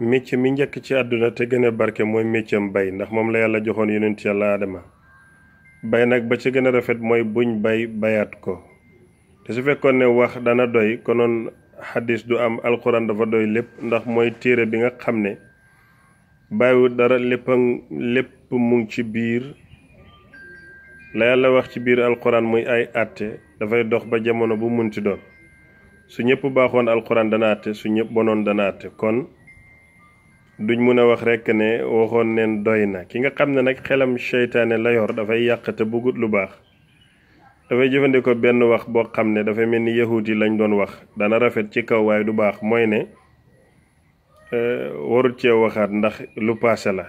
métier mi njëkk ci àdduna te gën a barke mooy métier am bay ndax moom la yàlla joxoon yonent yàlla Aadama bay nag ba ci gën a rafet mooy buñ bay bayaat ko te su fekkoon ne wax dana doy konoon xadis du am alxuraan dafa doy lépp ndax mooy téere bi nga xam ne bàyyiwul dara lépp mu ci biir la yàlla wax ci biir alxuraan muy ay àtte dafay dox ba jamono bu munti doon su ñëpp baaxoon alxuraan dana àtte su ñëpp bonoon dana àtte kon duñ mun a wax rekk ne waxoon neen doy na ki nga xam ne nag xelam seytaane la yor dafay yàq te bëggut lu baax dafay jëfandikoo benn wax boo xam ne dafay mel ni yahuut yi lañ doon wax dana rafet ci kaw waaye du baax mooy ne euh, warut cee waxaat ndax lu paase la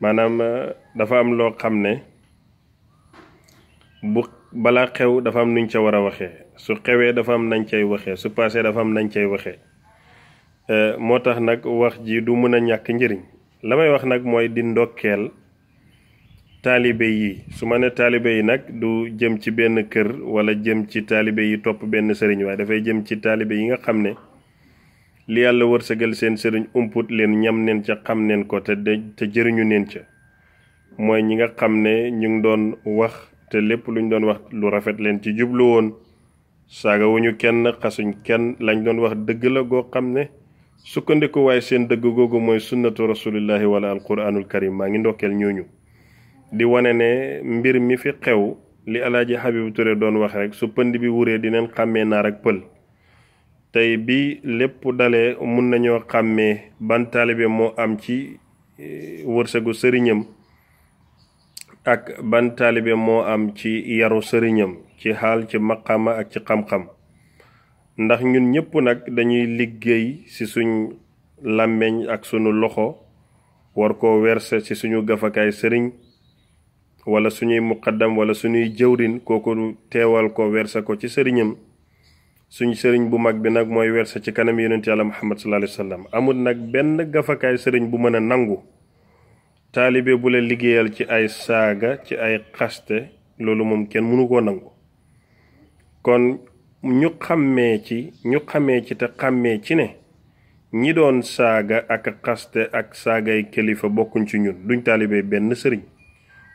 maanaam euh, dafa am loo xam ne bu balaa xew dafa am nuñ ca war a waxee su xewee dafa am nañ cay waxee su paasee dafa am nañ cay waxee Eh, moo tax nag wax ji du mën a ñàkk njëriñ la may wax nag mooy di ndokkeel taalibe yi su ma ne taalibe yi nag du jëm ci benn kër wala jëm ci taalibe yi topp benn sëriñ waaye dafay jëm ci taalibe yi nga xam ne li yàlla wërsëgal seen sëriñ umput leen ñam neen ca xam neen ko te te jëriñu neen ca mooy ñi nga xam ne ñu ngi doon wax te lépp lu ñu doon wax lu rafet leen ci jublu woon saagawuñu kenn xasuñ kenn lañ doon wax dëgg la goo xam ne sukkandikuwaay waaye seen dëgg googu mooy sunnatu rasulillahi wala alquranul karim maa ngi ndokkeel ñooñu di wane ne mbir mi fi xew li alaaji Habib doon wax rek su pënd bi wuree dineen xàmmee naa ak pël tey bi lépp dalee mun nañoo xàmmee ban moo am ci e, wërsëgu sëriñam ak ban moo am ci yaru sëriñam ci xaal ci maqama ak ci xam-xam ndax ñun ñëpp nag dañuy liggéey ci suñ làmmiñ ak sunu loxo war koo werse ci suñu gafakaay sëriñ wala suñuy muqaddam wala suñuy jëwrin kooku teewal ko werse ko ci sëriñam suñ sëriñ bu mag bi nag mooy werse ci kanam yonent yàlla muhammad sallallahu alayhi wa sallam amul nag benn gafakaay sëriñ bu mën a nangu taalibe bu la liggéeyal ci ay saaga ci ay xaste loolu moom kenn mënu koo nangu kon ñu xàmmee ci ñu xamee ci te xàmmee ci ne ñi doon saaga ak xaste ak saagay kilifa bokkuñ ci ñun duñ taalibe benn sëriñ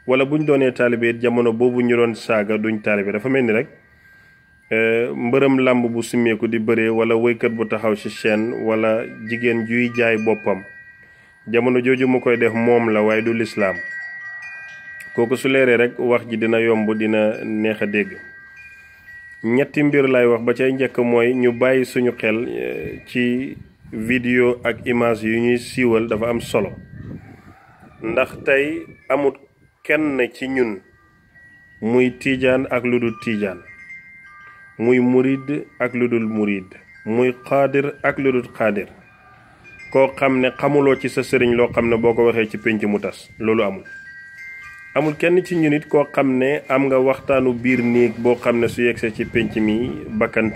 wala buñ doonee taalibee jamono boobu ñu doon saaga duñ taalibe dafa mel ni rek euh, mbërëm làmb bu simmeeku di bëree wala wéykat bu taxaw ci seen wala jigéen juy jaay boppam jamono jooju mu koy def moom la waaye du lislaam kooku su leeree rek wax ji dina yomb dina neex a dégg ñetti mbir lay wax ba cay njëkk mooy ñu bàyyi suñu xel eh, ci vidéo ak image yu ñuy siiwal dafa am solo ndax tey amut kenn ci ñun muy tiijaan ak lu dul tiijaan muy murid ak lu dul murid muy xaadir ak lu dul xaadir koo xam ne xamuloo ci sa sëriñ loo xam ne boo ko waxee ci pénc mu tas loolu amul amul kenn ci ñun it koo xam ne am nga waxtaanu biir néeg boo xam ne su yegsee ci pénc mi bakkan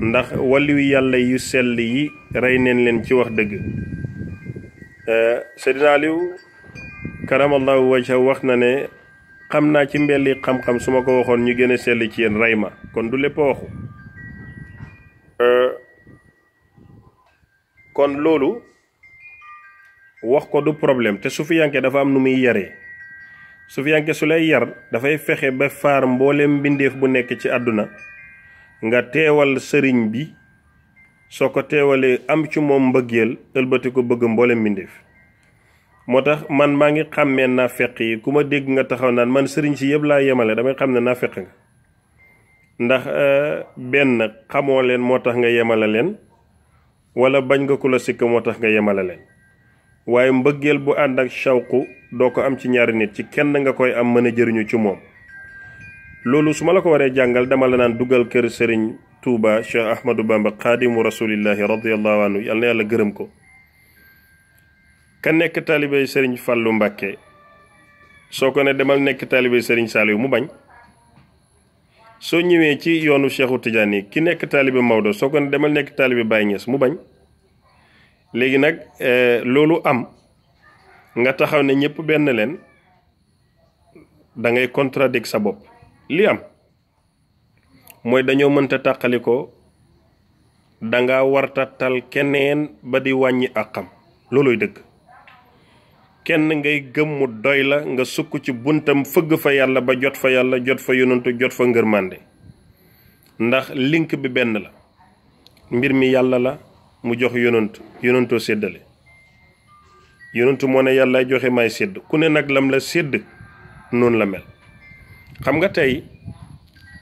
ndax waliyu yàlla yu sell yi rey neen leen ci wax dëgg euh, Seydina Aliou karamallahu wajha wax na ne xam naa ci mbelli xam-xam su ma ko waxoon ñu gën a sell ci yéen rey ma kon du lépp waxu euh, kon loolu wax ko du problème te sufiyanke dafa am nu muy yaree sufiyanke su lay yar dafay fexe ba faar mbooleem mbindeef bu nekk ci àdduna nga teewal sëriñ bi soo ko teewalee am ci moom mbëggeel ëlbati ko bëgg mboolem mbindeef moo tax man maa ngi xàmmee naa feq yi ku ma dégg nga taxaw naan man sëriñ si yëpp laa yemale damay xam ne naa feq nga ndax euh, benn xamoo leen moo tax nga yemale leen wala bañ nga ku la sikk moo tax nga yemale leen waaye mbëggeel bu ànd ak shawqu doo ko am ci ñaari nit ci kenn nga koy am mën a jëriñu ci moom loolu su ma la ko waree jàngal dama la naan dugal kër sëriñ Touba Cheikh Ahmadou Bamba xaadimu rasulillahi radiallahu anhu yàlla na yàlla gërëm ko ka nekk taalibey sëriñ Fàllu Mbàkke soo ko ne demal nekk taalibey sëriñ Saaliw mu bañ soo ñëwee ci yoonu Cheikhu Tidiane ki nekk taalibe Maodo soo ko ne demal nekk taalibe Baye Niass mu bañ léegi nag euh, loolu am nga taxaw ne ñëpp benn leen dangay ngay contradict sa bopp li am mooy dañoo mënta tàqalikoo danga warta tal keneen ba di wàññi àqam looluy dëgg kenn ngay gëm mu doy la nga sukk ci buntam fëgg fa yàlla ba jot fa yàlla jot fa yonantu jot fa ngërmande ndax link bi benn la mbir mi yàlla la mu jox yonant yonantoo séddale yonantu moo ne yàlla joxe may sédd ku ne nag lam la sédd noonu la mel xam nga tey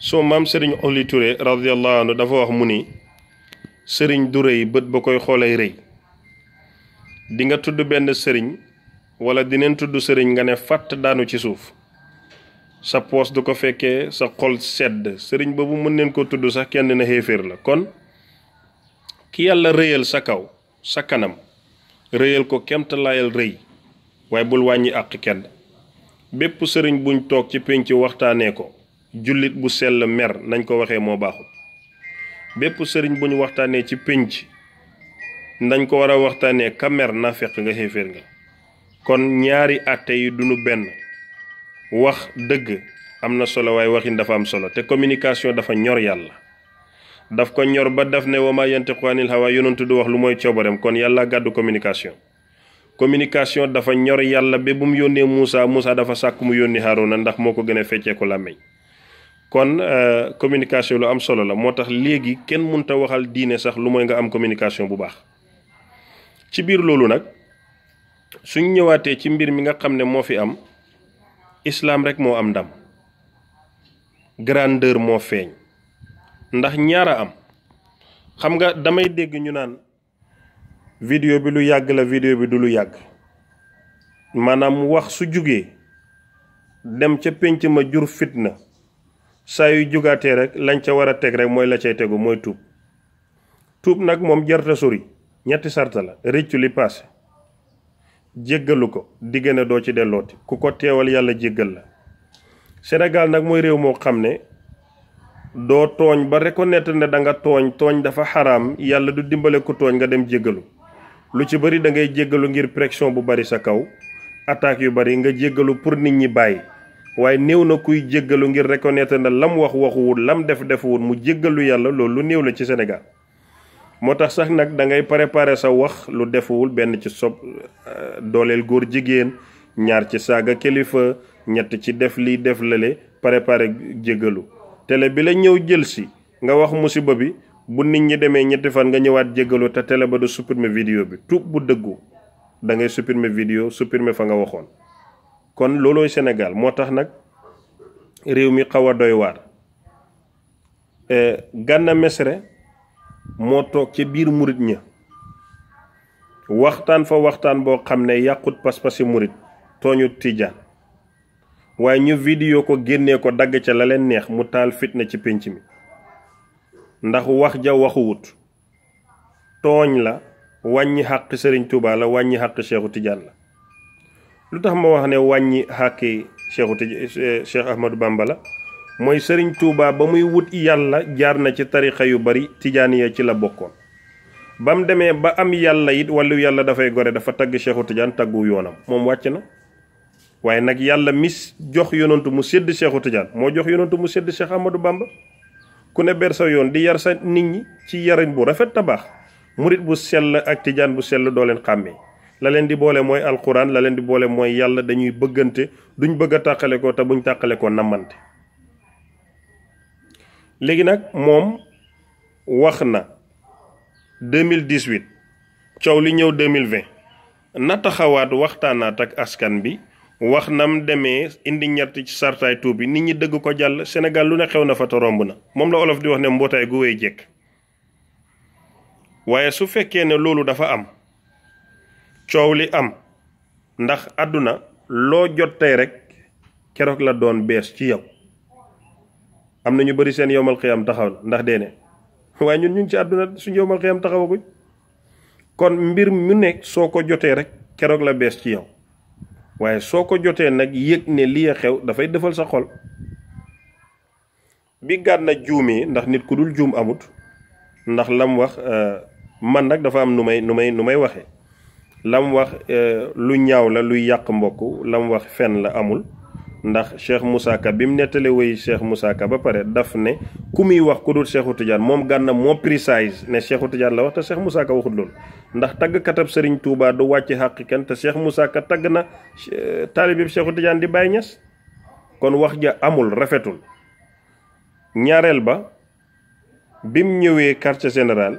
soo maam sëriñ Oli Touré radiyallahu anhu dafa wax mu ni sëriñ du rëy bët ba koy xoolee rëy di nga tudd benn sëriñ wala dineen tudd sëriñ nga ne fàtt daanu ci suuf sa poos du ko fekkee sa xol sedd sëriñ boobu mën neen koo tudd sax kenn na xéeféer la kon ki yàlla rëyal sa kaw sa kanam rëyal ko kemtalaayal rëy waaye bul wàññi àq kenn bépp sëriñ buñ toog ci pénc waxtaanee ko jullit bu sell mer nañ ko waxee moo baaxul bépp sëriñ bu ñu waxtaanee ci pénc nañ ko war a waxtaanee ka mer na fekk nga xéeféer nga kon ñaari àtte yi duñu benn wax dëgg am na solo waaye waxin dafa am solo te communication dafa ñor yàlla daf ko ñor ba def ne wa ma yantiqu anil hawa yonentu du wax lu mooy coobarem kon yàlla gàddu communication communication dafa ñor yàlla ba bu mu yónnee Moussa Moussa dafa sàkk mu yónni Haruna ndax moo ko gën a ko làmmiñ kon euh, communication lu am solo la moo tax léegi kenn munta waxal diine sax lu mooy nga am communication bu baax ci biir loolu nag suñ ñëwaatee ci mbir mi nga xam ne moo fi am islaam rek moo am ndam grandeur moo feeñ ndax ñaara am xam nga damay dégg ñu naan vidéo bi lu yàgg la vidéo bi du lu yàgg maanaam wax su jugee dem ca pénc ma jur fitna saa yu jugaatee rek lañ ca war a teg rek mooy la cay tegu mooy tuub tuub nag moom jarta sori ñetti sarta la rëccu li paase jéggalu ko diggéene doo ci dellooti ku ko teewal yàlla jéggal la Sénégal nag mooy réew moo xam ne doo tooñ ba reconnaître na da nga tooñ tooñ dafa xaram yàlla du dimbale ku tooñ nga dem jéggalu lu ci bëri da ngay jéggalu ngir pression bu bari sa kaw attaques yu bari nga jéggalu pour nit ñi bàyyi waaye néew na kuy jéggalu ngir reconnaître ne lam wax waxu lam def defuwul mu jéggalu yàlla loolu lu néew la ci senegal moo tax sax nag da ngay préparer sa wax lu defuwul benn ci sob euh, dooleel góor jigéen ñaar ci saaga kilifa ñett ci def lii def lale préparer jéggalu télé bi la ñëw jël si nga wax musiba bi bu nit ñi demee ñetti fan nga ñëwaat jéggalu te télé ba du supprimer vidéo bi tuub bu dëggu da ngay supprimer vidéo supprimer fa nga waxoon. kon loolooy senegal moo tax nag réew mi xaw a doy waar e, Gana mesre moo toog ci biir murit ña waxtaan fa waxtaan boo xam ne yàqut pas-pasi murit tooñu tijaan waaye ñu vidéo ko génnee ko dagg ca la leen neex mu taal fitna ci pénc mi ndax wax ja waxu wut tooñ la wàññi xàq sëriñ Touba la wàññi xàq Cheikhu Tidiane la lu tax ma wax ne wàññi xàqi Cheikhu Tidiane eh, la mooy sëriñ Touba ba muy wut yàlla jaar na ci tarixa yu bari Tidiane ya ci la bokkoon ba mu demee ba am yàlla yit wàllu yàlla dafay gore dafa tagg Cheikhu Tidiane taggu yoonam moom wàcc na waaye nag yàlla mis jox yonantu mu sedd Seexu Tijaan moo jox yonantu mu sédd Seex Ahmadou Bamba ku ne ber yoon di yar sa nit ñi ci yarin bu rafet tabax baax murit bu sell ak tijaan bu sell doo leen xàmmee la leen di boole mooy alxuraan la leen di boole mooy yàlla dañuy bëggante duñ bëgg a tàqale ko te buñ tàqale ko nammante léegi nag moom wax na 2018 coow li ñëw 2020 na taxawaat waxtaanaat ak askan bi wax nam demee indi ñett ci sartaay tuub bi nit ñi dëgg ko jàll senegal lu ne xew na fa te romb na moom la olof di wax ne mbootaay gu wéy jekk waaye su fekkee ne loolu dafa am coow li am ndax àdduna loo jot tey rek keroog la doon bees ci yow am na ñu bari seen yowmal xiyam taxaw na ndax dee ne waaye ñun ñu ngi ci àdduna suñu yowmal xiyam taxawaguñ kon mbir mu nekk soo ko jotee rek keroog la bees ci yow waaye soo ko jotee nag yëg ne li a xew dafay defal sa xol bi gànna juumee ndax nit ku dul juum amut ndax lam wax eh, man nag dafa am nu may nu may nu may waxee lam wax eh, lu ñaaw la luy yàq mbokk lam wax fenn la amul ndax Cheikh Moussa Ka bi mu nettalee woy Cheikh Moussa Ka ba pare daf ne ku muy wax ku dul Cheikhu Tidiane moom gànna moo précise ne Cheikhu Tidiane la wax te Cheikh musaka Ka waxut loolu ndax tagg katab Serigne Touba du wàcc xàq kenn te Cheikh Moussa Ka tagg na eh, taalibi Cheikhu Tidiane di bàyyi Niass kon wax ja amul rafetul ñaareel ba bim ñëwee quartier général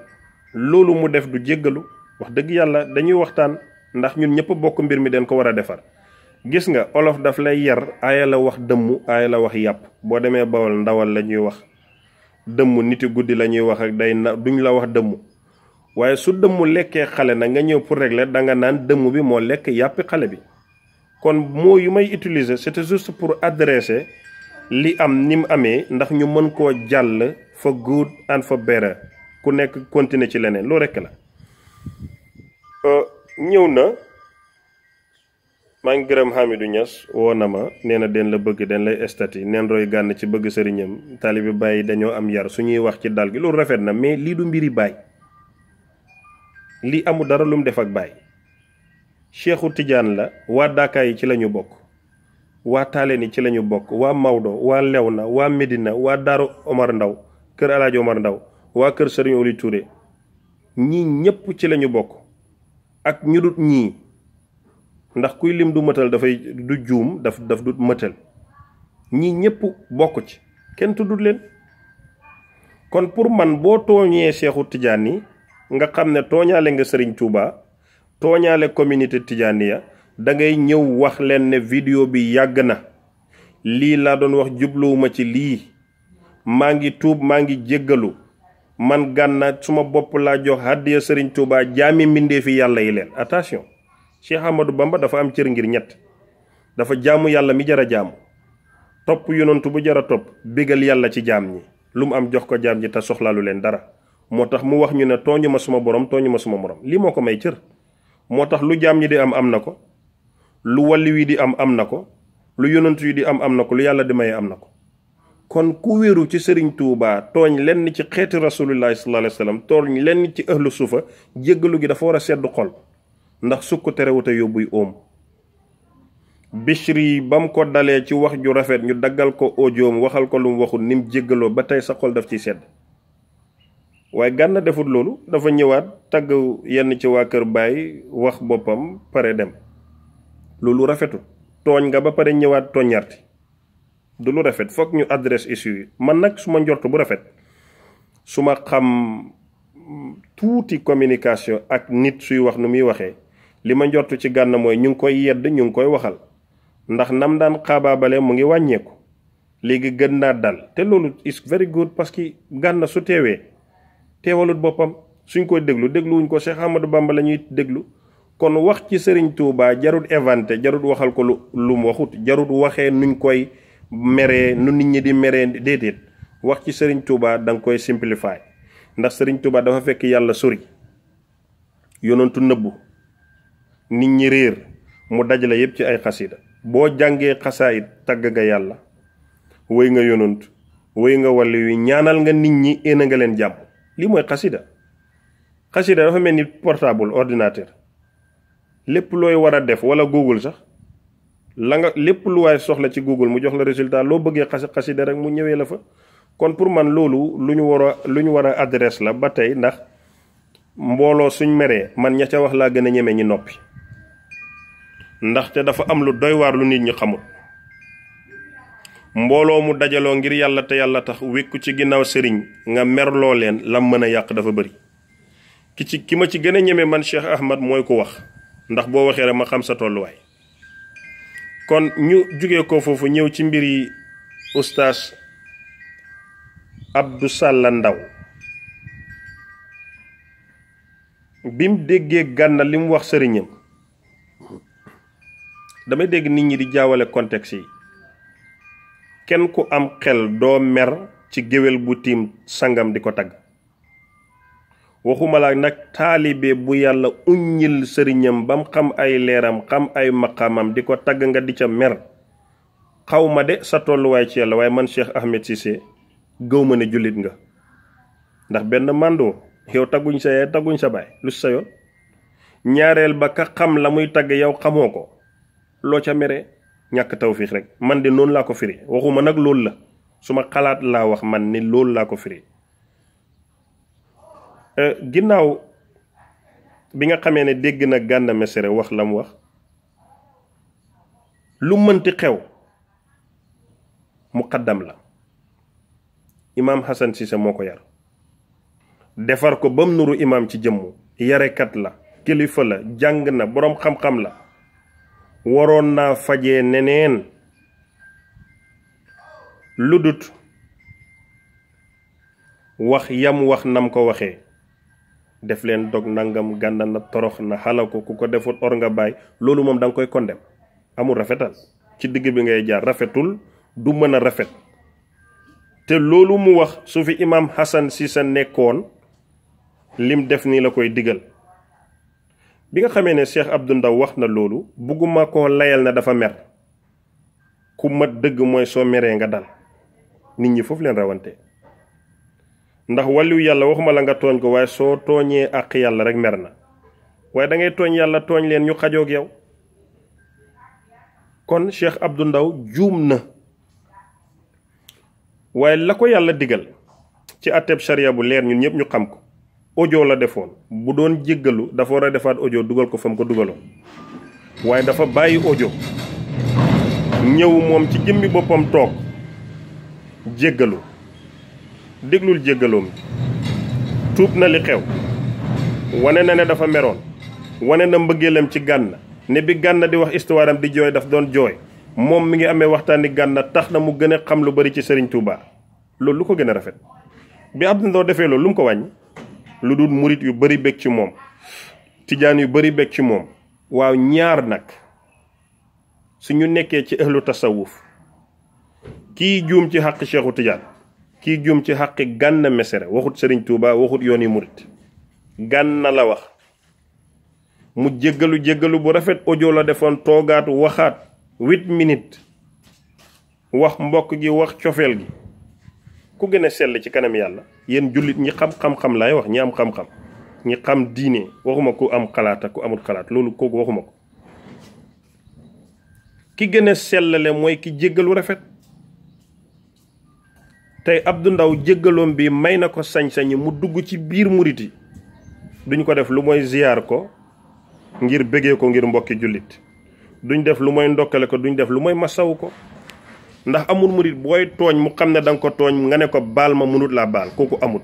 loolu mu def du jéggalu wax dëgg yàlla dañuy waxtaan ndax ñun ñëpp bokk mbir mi den ko war a defar gis nga olof daf lay yar aaya wax dëmm aaya la wax yàpp boo demee bawal ndawal la ñuy wax dëmm niti guddi la ñuy wax ak day na duñu la wax dëmm waaye su dëmm lekkee xale na nga ñëw pour régler da nga naan dëmm bi moo lekk yàppi xale bi kon moo yu may utiliser c'était juste pour adresser li am ni mu amee ndax ñu mën koo jàll fa good and for better ku nekk continuer ci leneen loo rekk la euh, ñëw na maa ngi gërëm Hamidou Niass woo na ma nee na den bëgg den lay estati neen roy gànn ci bëgg sëriñam taalibi bàyyi dañoo am yar suñuy wax ci dal gi loolu rafet na mais lii du mbiri baay lii amul dara lu mu def ak baay Cheikhu Tidiane la waa Daaka ci lañu bokk waa Taaleen yi ci lañu bokk waa Maodo waa na waa Medina waa Daaru Omar Ndaw kër Alaaji Omar Ndaw waa kër Sëriñ Oli Touré ñii ñépp ci lañu bokk ak ñu dut ñii ndax kuy lim du mëtal dafay du juum daf daf du mëtal ñi ñëpp bokk ci kenn tuddut leen kon pour man boo tooñee Seexu Tijaan yi nga xam ne tooñale nga Sëriñ Tuuba tooñaale communauté tijaaniya ya dangay ñëw wax leen ne vidéo bi yàgg na lii laa doon wax jubluwuma ci lii maa ngi tuub maa ngi jéggalu man gànna suma bopp laa jox hàddiya Sëriñ Tuuba jaami mbindee fi yàlla yi leen attention Cheikh Ahmadou Bamba dafa am cër ngir ñett dafa jaamu yàlla mi jar a jaamu topp yonantu bu jar a topp bégal yàlla ci jaam ñi lu mu am jox ko jaam ñi te soxlaalu leen dara moo tax mu wax ñu ne tooñu ma suma borom tooñu ma suma morom lii moo ko may cër moo tax lu jaam ñi di am am na ko lu walliw yi di am am na ko lu yonantu yi di am am na ko lu yàlla di maye am na ko kon ku wéeru ci sëriñ Touba tooñ lenn ci xeeti rasulillahi sallallahu alayhi wa sallam tooñ lenn ci ahlu suufa jéggalu gi dafa war a sedd xol ndax sukk terewut a yóbbuy óom Bichri ba mu ko dalee ci wax ju rafet ñu daggal ko ojoom waxal ko lu mu waxul ni mu jéggaloo ba tey sa xol def ciy sedd waaye Gana defut loolu dafa ñëwaat tagg yenn ci waa kër bàyyi wax boppam pare dem loolu rafetu tooñ nga ba pare ñëwaat tooñaarti du lu rafet foog ñu adresse issue yi man nag su ma njort bu rafet su ma xam tuuti communication ak nit suy wax nu muy waxee li ma njott ci gànn mooy ñu ngi koy yedd ñu ngi koy waxal ndax nam daan xaabaabale mu ngi wàññeeku léegi gën naa dal te loolu is very good parce que gànn su teewee teewalut boppam suñ koy déglu dégluwuñ ko Cheikh Ahmadou Bamba la ñuy déglu kon wax ci sëriñ Touba jarut éventer jarut waxal ko lu lum mu waxut jarut waxee nuñ koy meree nu nit ñi di meree déedéet wax ci sëriñ Touba da nga koy simplifier ndax sëriñ Touba dafa fekk yàlla sori yonentu nëbbu nit ñi réer mu dajale yépp ci ay xasida boo jàngee xasaayit tagg nga yàlla wéy nga yonant wéy nga wàll yu ñaanal nga nit ñi éena nga leen jàmm lii mooy xasida xasida dafa mel ni portable ordinateur lépp looy war a def wala google sax la nga lépp lu waaye soxla ci google mu jox la résultat loo bëggee xas xasida rek mu ñëwee la fa kon pour man loolu lu ñu war a lu ñu war a adresse la ba tey ndax mbooloo suñ meree man ña ca wax laa gën a ñeme ñi noppi ndaxte dafa am lu doy waar lu nit ñi xamul mbooloo mu dajaloo ngir yàlla te yàlla tax wékku ci ginnaaw sëriñ nga merloo leen lam mën a yàq dafa bari ki ci ki ma ci gën a ñeme man Cheikh Ahmad mooy ko wax ndax boo waxee rek ma xam sa tolluwaay kon ñu jóge ko foofu ñëw ci mbir yi oustaz Abdou Sàlla Ndaw bim déggee gànna li mu wax sëriñam damay dégg nit ñi di jaawale kontex yi kenn ku am xel doo mer ci géwél bu tiim sangam di ko tagg waxuma laa nag taalibe bu yàlla uññil sëriñam bam xam ay leeram xam ay maqaamam di ko tagg nga di ca mer xaw de sa tolluwaay ci yàlla waaye man Cheikh Ahmed Cissé gëw ma ne jullit nga ndax benn màndoo yow tagguñ sa yaay tagguñ sa baay lu sa yoon ñaareel ba ka xam la muy tagg yow xamoo ko loo ca mere ñàkk tawfiix rek man de noonu laa ko firi waxuma nag loolu la suma xalaat laa wax man ni loolu laa ko firi euh, ginnaaw bi nga xamee ne dégg na Gana Messere wax la mu wax lu mënti xew muqaddam la imaam Hassan Cissé moo ko yar defar ko bam nuru imaam ci jëmmu yarekat la kilifa la jàng na boroom xam-xam la waroon naa faje neneen lu dut wax yam wax nam ko waxee def leen dog nangam gànna na torox na xala ko ku ko defut or nga bàyyi loolu moom danga nga koy kondem amul rafetal ci digg bi ngay jaar rafetul du mën a rafet te loolu mu wax su fi imaam Hassan sa nekkoon lim def nii la koy digal bi nga xamee ne Cheikh Abdou Ndaw wax na loolu bugguma koo layal na dafa mer ku mat dëgg mooy soo meree nga dal nit ñi foofu leen rawante ndax wàllu yàlla waxuma la nga tooñ ko waaye soo tooñee àq yàlla rek mer na waaye da ngay tooñ yàlla tooñ leen ñu xajook yow kon Cheikh Abdou Ndaw juum na waaye la ko yàlla digal ci àtteeb sariya bu leer ñun ñëpp ñu xam ko audio la defoon bu doon jéggalu dafa war a defaat audio dugal ko fa ko dugaloo waaye dafa bàyyi audio ñëw moom ci jëmmi boppam toog jéggalu déglul jéggaloom tuub na li xew wane na ne dafa meroon wane na mbëggeelam ci gànna ne bi gànna di wax histoire am di jooy daf doon jooy moom mi ngi amee waxtaani gànna tax na mu gën a xam lu bari ci Serigne tuubaa loolu lu ko gën a rafet bi Abdou Ndao defee loolu lu mu ko wàññi. lu dul murit yu bari bég ci moom tijaan yu bari bég ci moom waaw ñaar nag ñu nekkee ci ëhlu tasawuf kii juum ci xàq Seexu Tijaan kii juum ci xàqi Gana Messere waxut Sëriñ Tuubaa waxut yoon yi murit Gana la wax mu jéggalu jéggalu bu rafet audio la defoon toogaatu waxaat huit minit wax mbokk gi wax cofeel gi ku gën a sell ci kanam yàlla yéen jullit ñi xam-xam-xam laay wax ñi am xam-xam ñi xam diine waxuma ku am xalaat ak ku amul xalaat loolu kooku waxuma ko ki gën a sellale mooy ki jéggalu rafet tey Abdou Ndaw jéggaloom bi may na ko sañ-sañ mu dugg ci biir murit duñ ko def lu mooy ziyaar ko ngir bëggee ko ngir mbokki jullit duñ def lu mooy ndokkale ko duñ def lu mooy masawu ko ndax amul murit booy tooñ mu xam ne da nga ko tooñ nga ne ko baal ma mënut laa baal kooku amut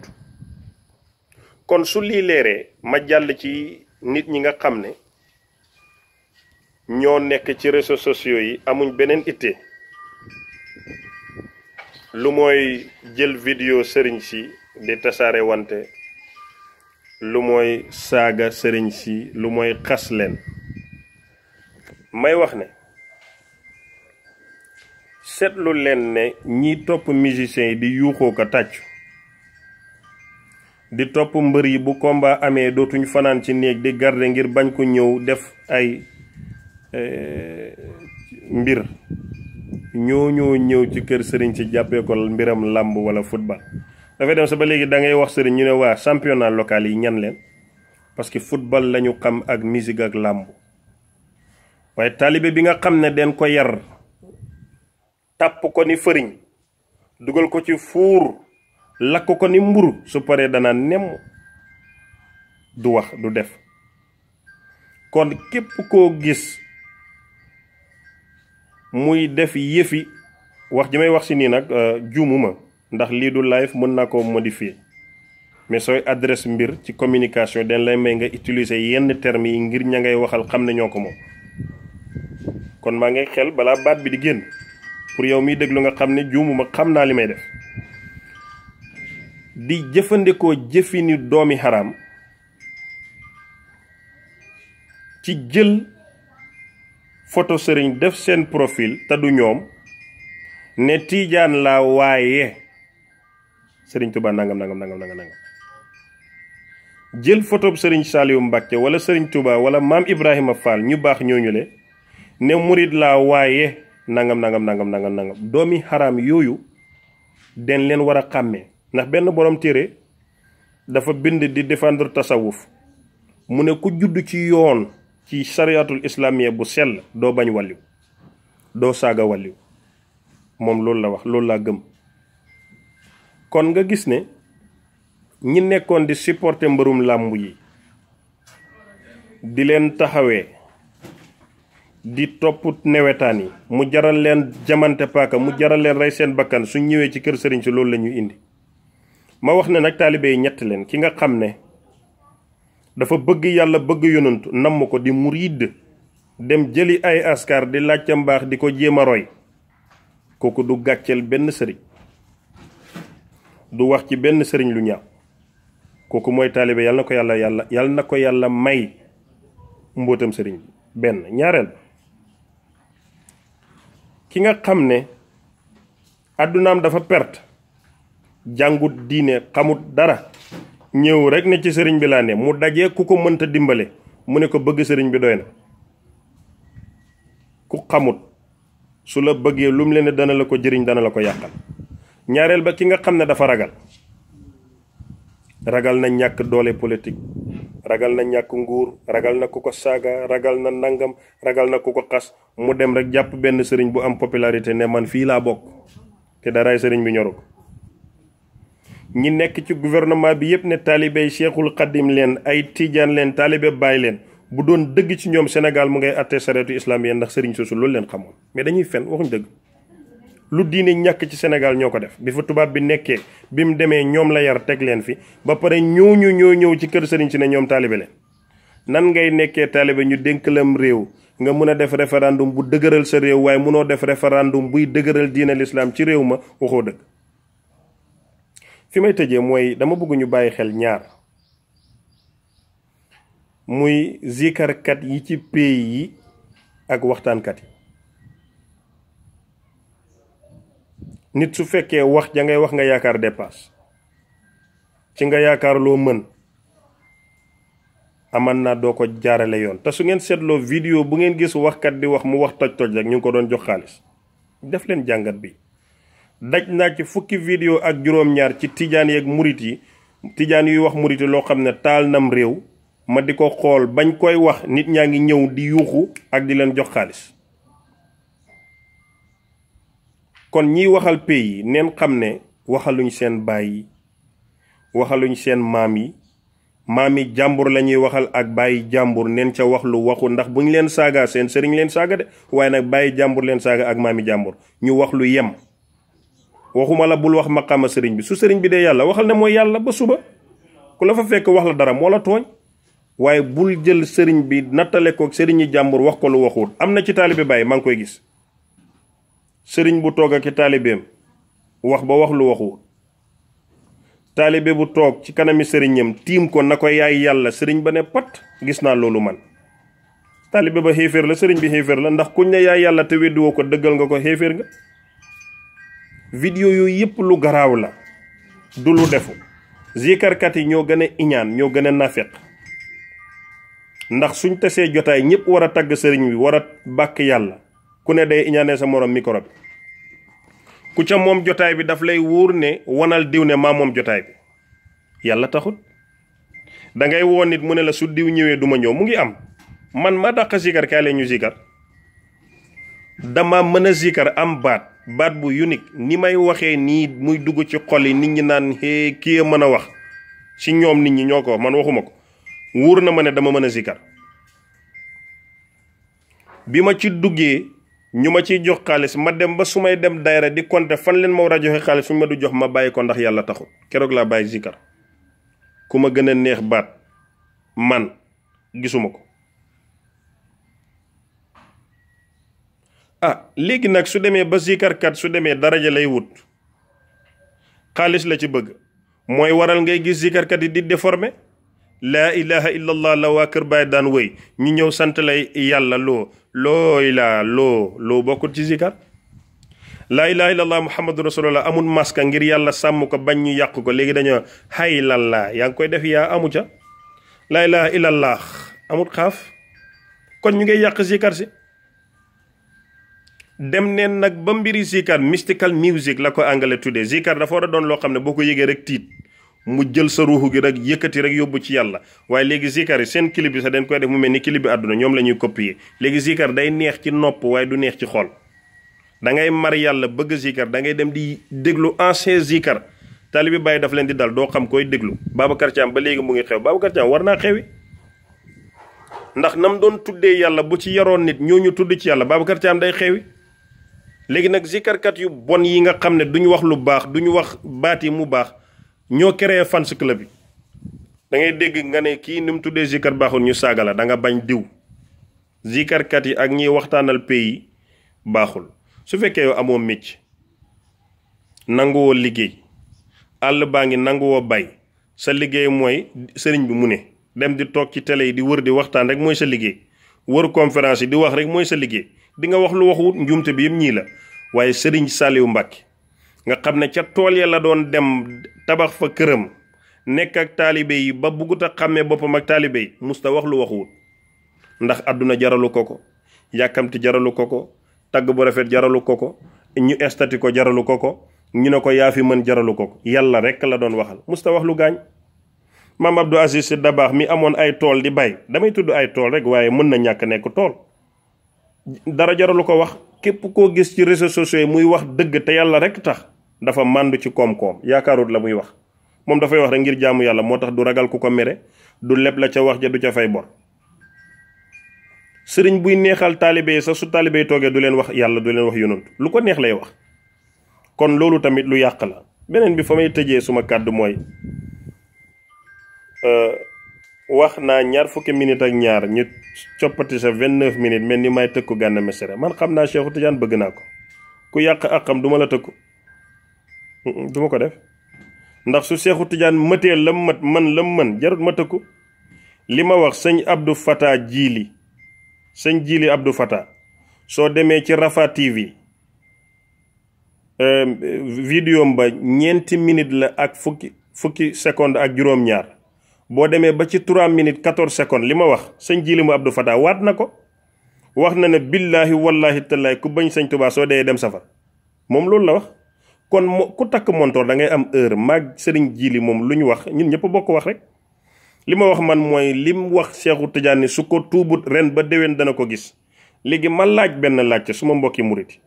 kon su lii leeree ma jàll ci nit ñi nga xam ne ñoo nekk ci réseaux sociaux yi amuñ beneen itte lu mooy jël vidéo sëriñ si di tasaare wante lu mooy saaga sëriñ si lu mooy xas leen may wax ne seetlu leen ne ñi topp musiciens yi di yuuxoo ko tàccu di topp mbër yi bu combat amee dootuñu fanaan ci néeg di garde ngir bañ ko ñëw def ay eh, mbir ñoo ñoo ñëw ci kër sëriñ si jàppee ko mbiram làmb wala football dafay dem sa ba léegi da ngay wax sëriñ ñu ne waa championnat local yi ñan leen parce que football lañu xam ak musique ak làmb waaye taalibe bi nga xam ne den ko yar tàpp ko ni fëriñ dugal ko ci fuur lakk ko ni mburu su paree dana nemm du wax du def kon képp ko gis muy def yëfi wax ji may wax si nii nag euh, juumuma ndax lii du live mën naa ko modifier mais sooy adresse mbir ci communication dañ lay may nga utiliser yenn termes yi ngir ña ngay waxal xam ne ñoo ko moom kon maa ngi xel balaa baat bi di génn pour yow miy déglu nga xam ne juumuma xam naa li may def di jëfandikoo jëfini doomi xaraam ci jël photo sëriñ def seen profil te du ñoom ne tiijaan laa waaye sëriñ Tuubaa nangam nangam nangam nangam nangam jël foto sëriñ Saaliyu Mbàkke wala sëriñ Tuubaa wala maam ibraahima Fall ñu baax ñooñu le ne murit laa waaye nangam nangam nangam nangam nangam doomi xaraam yooyu den leen war a xàmmee ndax benn boroom téere dafa bind di défendre tasawuf mu ne ku judd ci yoon ci sariyatul islamiya bu sell doo bañ wàlliw doo saaga wàlliw moom loolu la wax loolu laa gëm kon nga gis ne ñi nekkoon di supporter mbërum làmb yi di leen taxawee di topp newetaan yi mu jaral leen jamante paaka mu jaral leen rey seen bakkan suñ ñëwee ci kër sëriñ si loolu la indi ma wax ne nag taalibe yi ñett leen ki nga xam ne dafa bëgg yàlla bëgg yonantu namm ko di mur muriid dem jëli ay askar di laajte mbaax di ko jéem roy kooku du gàcceel benn sëriñ du wax ci benn sëriñ lu ñaaw kooku mooy taalibe yàlla ko yàlla yàlla yàlla na ko yàlla may mbóotam sëriñ bi benn ñaareel ki nga xam ne àddunaam dafa perte jàngut diine xamut dara ñëw rek ne ci sëriñ bi laa ne mu dajee ku ko mënta dimbale mu ne ko bëgg sëriñ bi doy na ku xamut su la bëggee lu mu leen dana la ko jëriñ dana la ko yàqal ñaareel ba ki nga xam ne dafa ragal ragal na ñàkk doole politique ragal na ñàkk nguur ragal na ku ko saaga ragal na ndangam ragal na ku ko xas mu dem rek jàpp benn sëriñ bu am popularité ne man fii laa bokk te daraay sëriñ bi ñoru ko ñi nekk ci gouvernement bi yépp ne taalibey cheikhul xadim leen ay tijaan leen taalibe bàyyi leen bu doon dëgg ci ñoom Sénégal mu ngay àttee sareetu islam yéen ndax sëriñ soosu loolu leen xamoon mais dañuy fen waxuñ dëgg lu diine ñàkk ci Sénégal ñoo ko def bi fa tubaab bi nekkee bi mu demee ñoom la yar teg leen fi ba pare ñooñu ñoo ñëw ci kër sëriñ si ne ñoom taalibe leen nan ngay nekkee taalibe ñu dénk lam réew nga mën a def référendum bu dëgëral sa réew waaye munoo def référendum buy dëgëral diine lislaam ci réew ma waxoo dëkk fi may tëjee mooy dama bëgg ñu bàyyi xel ñaar muy zikarkat yi ci pays yi ak waxtaankat yi nit su fekkee wax ja ngay wax nga yaakaar dépasse ci nga yaakaar loo mën aman naa doo ko jaarale yoon te su ngeen seetloo vidéo bu ngeen gis waxkat di wax mu wax toj toj rek ñu ngi ko doon jox xaalis def leen jàngat bi daj naa ci fukki vidéo ak juróom-ñaar ci tijaan yi ak murit yi tijaan yuy wax murit yi loo xam ne taal nam réew ma di ko xool bañ koy wax nit ñaa ngi ñëw di yuuxu ak di leen jox xaalis kon ñiy waxal pays neen xam ne waxaluñ seen bàyyi yi waxaluñ seen maam yi maam yi jàmbur la ñuy waxal ak bàyyi jàmbur neen ca wax lu waxu ndax bu ñu leen saaga seen sëriñ leen saaga de waaye nag bàyyi jàmbur leen saaga ak maam jàmbur ñu wax lu yem waxuma la bul wax a sëriñ bi su sëriñ bi dee yàlla waxal ne mooy yàlla ba suba ku la fa fekk wax la dara moo la tooñ waaye bul jël sëriñ bi nattale ko sëriñi jàmbur wax ko lu waxul am na ci taalibe bàyyi maa ngi koy gis sëriñ bu toog ak i taalibeem wax ba wax lu waxu taalibe bu toog ci kanami sëriñam tiim ko na ko yaay yàlla sëriñ ba ne pat gis naa loolu man taalibe ba xéeféer la sëriñ bi xéeféer la ndax kuñ ne yaay yàlla te weddiwoo ko dëggal nga ko xéeféer nga vidéo yooyu yëpp lu garaaw la du lu defu zikarkat yi ñoo gën a iñaan ñoo gën a nafeq ndax suñ tesee jotaay ñëpp war a tagg sëriñ bi war a bàkk yàlla ku ne day iñaanee sa moroom micro bi ku ca moom jotaay bi dafa lay wóor ne wanal diw ne maa moom jotaay bi yàlla taxut dangay ngay woo nit mu ne la su diw ñëwee du ma ñëw mu ngi am man ma dàq zikar kaay la ñu zikar dama mën a siikar am baat baat bu unique ni may waxee nii muy dugg ci xol yi nit ñi naan hee kii mën a wax ci ñoom nit ñi ñoo ko man waxuma ko wóor na ma ne dama mën a zikar bi ma ci duggee. ñu ma ciy jox xaalis ma dem ba su may dem dayra di compter fan leen ma war a joxe xaalis su ma du jox ma bàyyi ko ndax yàlla taxul keroog laa bàyyi zikar ku ma gën a neex baat man gisuma ko ah léegi nag su demee ba zikarkat su demee daraja lay wut xaalis la ci bëgg mooy waral ngay gis zikarkat yi di déformé laa ilaha illallah la waa kër Baay daan wéy ñu ñëw sant lay yàlla loo loo ilaa loo loo bokkul ci zikar laa ilaha illallah muhammadu rasulullah amul maska ngir yàlla sàmm ko bañ ñu yàq ko léegi dañoo hay lalla yaa ngi koy def yaa amu ca laa ilaha illallah amul xaaf kon ñu ngay yàq zikar si dem neen nag ba mbiri zikar mystical music la ko angale tuddee zikar dafa war a doon loo xam ne boo ko yëgee rek tiit mu jël sa ruuxu gi rek yëkkati rek yóbbu ci yàlla waaye léegi zikar yi seen clip bi sax dañ koy def mu mel ni clip bi àdduna ñoom la ñuy copier léegi zikar day neex ci nopp waaye du neex ci xol da ngay mar yàlla bëgg zikar da ngay dem di déglu ancien zikar taalibi bàyyi daf leen di dal doo xam koy déglu Babacar am ba léegi mu ngi xew Babacar Thiam war naa xewi ndax nam doon tuddee yàlla bu ci yaroon nit ñooñu tudd ci yàlla Babacar Thiam day xewi léegi nag zikarkat yu bon yi nga xam ne duñu wax lu baax duñu wax baat yi mu baax ñoo créé fans club yi da ngay dégg nga ne kii ni mu tuddee zikar baaxul ñu saaga la danga bañ diw zikarkat yi ak ñuy waxtaanal pays baaxul su fekkee yow amoo mécc nanguwoo liggéey àll baa ngi nanguwoo bay sa liggéey mooy sëriñ bi mu ne dem di toog ci télé yi di wër di waxtaan rek mooy sa liggéey wër conférence yi di wax rek mooy sa liggéey di nga wax lu waxut njuumte bi yëpp ñii la waaye sëriñ Saliou Mbacke nga xam ne ca tool ya la doon dem tabax fa këram nekk ak taalibe yi ba bugut a xàmmee boppam ak taalibe yi musta wax lu waxuwut ndax àdduna jaralu ko ko yàkkamti jaralu ko ko tagg bu rafet jaralu ko ko ñu estati ko jaralu ko ko ñu ne ko yaa fi mën jaralu ko ko yàlla rekk la doon waxal musta wax lu gaañ maam Abdou Aziz Sy Dabakh mi amoon ay tool di bay damay tudd ay tool rek waaye mën na ñàkk nekk tool dara jaralu ko wax képp koo gis ci réseaux sociaux muy wax dëgg te yàlla rekk tax dafa màndu ci koom-koom yaakaarut la muy wax moom dafay wax rek ngir jàmm yàlla moo tax du ragal ku ko mere du leb la ca wax ja du ca fay bor sëriñ buy neexal taalibe yi sax su taalibe yi toogee du leen wax yàlla du leen wax yonent lu ko neex lay wax kon loolu tamit lu yàq la beneen bi fa may tëjee suma kàddu mooy euh, wax naa ñaar fukki minutes ak ñaar ñu coppati sa vingt neuf mel ni may tëkku Gana Messere man xam naa Cheikhou Tidiane bëgg naa ko ku yàq àqam duma la tëkku duma ko def ndax su seexu tijaan mëtee lam mët man lam mën jarut ma tëkku li ma wax sëñ Abdou Fata Jili sëñ Jili abdu Fata soo demee ci Rafa TV euh, vidéo ba ñeenti minit la ak fukki fukki seconde ak juróom-ñaar boo demee ba ci 3 minit 14 secondes li ma wax sëñ Jili mu Abdou Fata waat na ko wax na ne billaahi wallaahi tallaahi ku bañ sëñ Tuubaa soo dee dem safar moom loolu la wax. kon mo ku takk montoor da ngay am heure maag sëriñ Jili moom lu ñu wax ñun ñëpp bokk wax rek li ma wax man mooy lim wax Seexu Tijaan su ko tuubut ren ba déwén dana ko gis léegi ma laaj benn laaj laajte su ma mbokki murit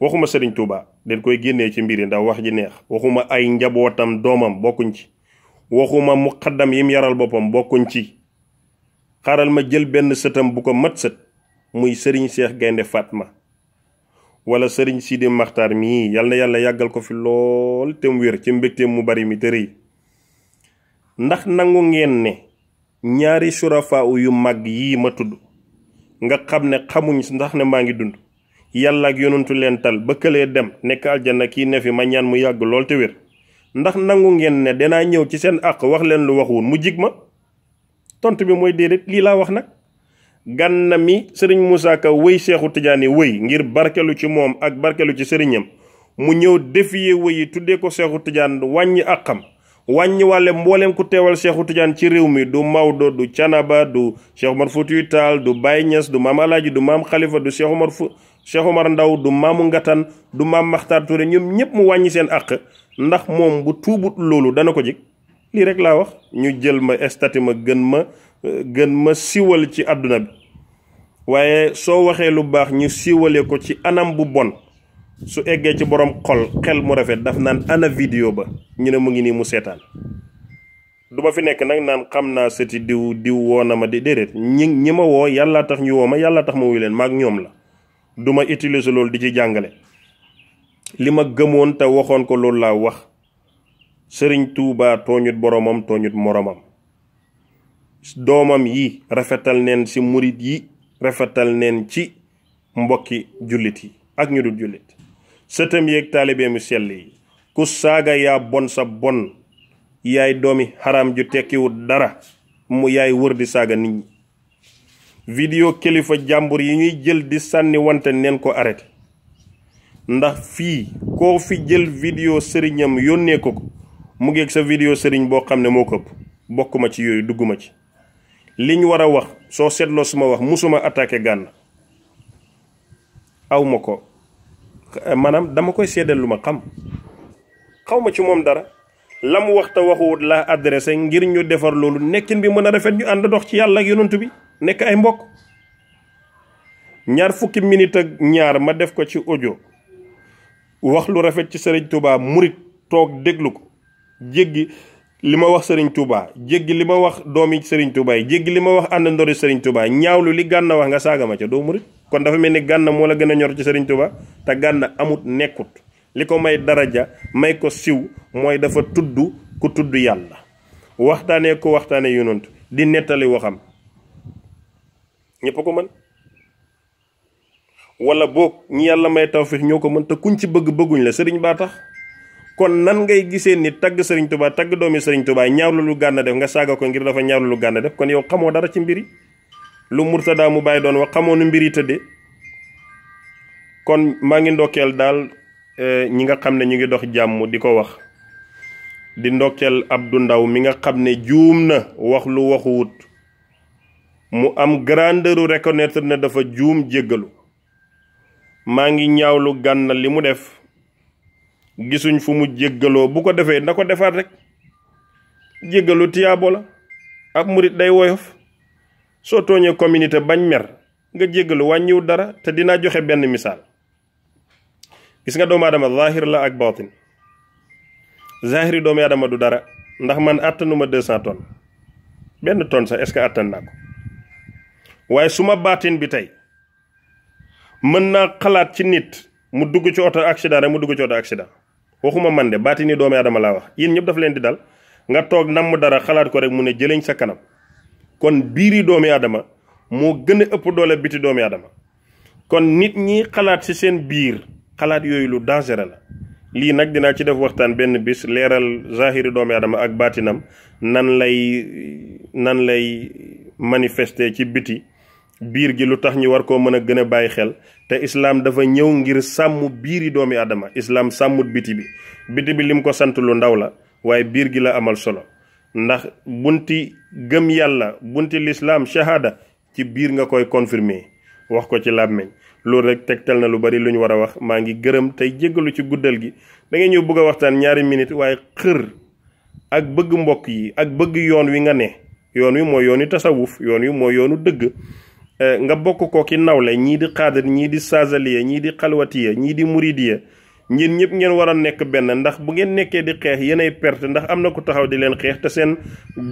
waxuma sëriñ Touba dañ koy génnee ci mbir yi ndax wax ji neex waxuma ay njabootam doomam bokkuñ ci waxuma mu muqaddam yim yaral boppam bokkuñ ci xaaral ma jël benn sëtam bu ko mat sët muy sëriñ Seex Gaynde Fatma wala sëriñ Sidi Maxtaar mii yal na yàlla yàggal ko fi lool te mu wér ci mbégteem mu bari mi te rëy ndax nangu ngeen ne ñaari surafaa yu mag yii ma tudd nga xam ne xamuñ ndax ne maa ngi dund yàlla ak yonantu leen tal ba këlee dem nekk aljanna kii ne fi ma ñaan mu yàgg lool te wér ndax nangu ngeen ne danaa ñëw ci seen àq wax leen lu waxuun mu jig ma tontu bi mooy déedéet lii laa wax nag Gana mi sëriñ Moussa Ka wëy Seexu yi wëy ngir barkelu ci moom ak barkellu ci sëriñam mu ñëw défier wëy yi tuddee ko Seexu Tijaan wàññi àqam wàññi wàlle mbooleem ku teewal Seexu Tijaan ci réew mi du Maodo du Canaba du Cheikh Omar Foutiyou Tall du Baye Niass du maam Alaaji du maam xalifa du Cheikh Omar fu Cheikh Omar Ndaw du maamu Ngatan du maam Makhtar Touré ñoom ñëpp mu wàññi seen àq ndax moom bu tuubut loolu dana ko jig lii rek laa wax ñu jël ma estati ma gën ma gën ma siwal ci àdduna bi waaye soo waxee lu baax ñu siiwalee ko ci anam bu bon su eggee ci borom xol xel mu rafet daf naan ana vidéo ba ñu ne mu ngi nii mu seetaan du ma fi nekk nag naan xam naa seti diw diw woo na ma di déedéet ñi ñi ma woo yàlla tax ñu ma yàlla tax ma wuyu leen maak ñoom la du ma utiliser loolu di ci jàngale li ma gëmoon te waxoon ko loolu laa wax sëriñ tuubaa tooñut boromam tooñut moromam doomam yi rafetal neen ci murit yi rafetal neen ci mbokki jullit yi ak ñu dul jullit sëtam yeeg taalibeem sell yi ku saaga yaa bon sa bon yaay doomi xaram ju tekkiwul dara mu yaay wër di saaga nit ñi vidéo kilifa jàmbur yi ñuy jël di sànni wante neen ko arrêté ndax fii koo fi jël vidéo sëriñam yónnee ko ko mu ngeeg sa vidéo sëriñ boo xam ne moo ko bokkuma ci yooyu dugguma ci liñ war a wax soo seetloo suma wax musuma attaqué gànn awma ko maanaam dama koy seddal lu ma xam xaw ma ci moom dara lam waxta waxuwut laa adressé ngir ñu defar loolu nekkin bi mën a rafet ñu ànd dox ci yàlla ak yonent bi nekk ay mbokk ñaar fukki minute ak ñaar ma def ko ci audio wax lu rafet ci Sëriñ tubaab murit toog déglu ko jéggi li ma wax sëriñ Touba jéggi li ma wax doomi Serigne Touba yi jéggi li ma wax àndandori Serigne Touba ñaawlu li gànna wax nga saaga ma ca doomu murit kon dafa mel ni gànna moo la gën a ñor ci Serigne Touba te gànna amut nekkut li ko may daraja may ko siw mooy dafa tudd ku tudd yàlla waxtaanee ko waxtaane yonent di nettali waxam ñëpp ko mën walla boog ñi yàlla may tawfiix ñoo ko mën te kuñ ci bëgg bëgguñ la sëriñ baa tax. kon nan ngay gisee ni tagg sëriñ tubaa tagg doomi sëriñ tubaa ñaawlu lu gànna def nga saaga ko ngir dafa ñaawlu lu gànna def kon yow xamoo dara ci mbiri lu murtadaa mu bàyyi doon wax xamoo nu mbiri tëddee kon maa ngi ndokkeel daal eh, ñi nga xam ne ñu ngi dox jàmm di ko wax di ndokkeel Abdou Ndaw mi nga xam ne juum na wax lu waxuwut mu am grandeur reconnaître ne dafa juum jéggalu maa ngi ñaawlu gànna li mu def gisuñ fu mu jéggaloo bu ko defee na ko defaat rek jéggalu tiyaabo la ab murit day woyof soo tooñee communauté bañ mer nga jéggalu wàññiw dara te dinaa joxe benn misaal gis nga doomu aadama zahir la ak baatin zahiri doomu aadama du dara ndax man àttanuma deux cent tonnes benn tonne sax est-ce que àttan naa ko waaye su ma baatin bi tey mën naa xalaat ci nit mu dugg ci oto accident rek mu dugg ci oto accident waxuma man de baati ni doomi aadama laa wax yéen ñëpp dafa leen di dal nga toog namm dara xalaat ko rek mu ne jëleñ sa kanam kon biiri doomi aadama moo gën a ëpp doole biti doomi adama kon nit ñi xalaat si seen biir xalaat yooyu lu dangereux la lii nag dinaa ci def waxtaan benn bis leeral zahiri doomi aadama ak baatinam nan lay nan lay manifeste ci biti biir gi lu tax ñu war koo mën a gën a bàyyi xel te islaam dafa ñëw ngir sàmm biiri doomi aadama islaam sàmmut biti bi biti bi li lim ko sant lu ndaw la waaye biir gi la amal solo ndax bunti gëm yàlla bunti lislaam shahada ci biir nga koy confirmer wax ko ci làmmiñ loolu rek tegtal na lu bari lu ñu war a wax maa ngi gërëm tey jéggalu ci guddal gi da ngay ñëw bëgg a waxtaan ñaari minute waaye xër ak bëgg mbokk yi ak bëgg yoon wi nga ne yoon wi mooy yoonu tasawuf yoon wi mooy yoonu dëgg Eh, nga bokk ko ki nawle ñii di xaadir ñii di saasaliya ñii di xalwatiya ñii di muridiya ñeen ñëpp ngeen war nekk benn ndax bu ngeen nekkee di xeex yéenay perte ndax am na ku taxaw di leen xeex te seen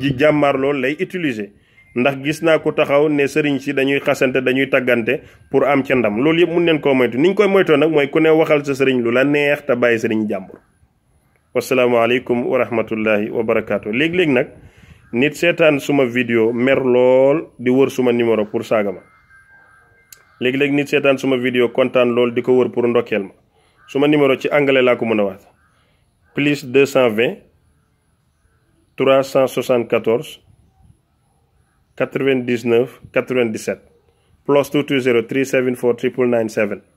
ji jàmmaar lay utiliser ndax gis naa ko taxaw ne sëriñ si dañuy xasante dañuy taggante pour am ca ndam loolu yëpp mun neen koo moytu ni ñu koy moytoo nag mooy ku ne waxal sa sëriñ lu la neex te bàyyi sëriñ jàmbur wasalaamaaleykum wa rahmatullahi wa barakaatu léegi nag nit seetaan suma vidéo mer lool di wër suma numéro pour saaga ma léegi-léegi nit seetaan suma vidéo kontaan lool di ko wër pour ndokkeel ma suma numéro ci anglais laa ko mën a wax plus 220 374 99 97 plus 220 374 9997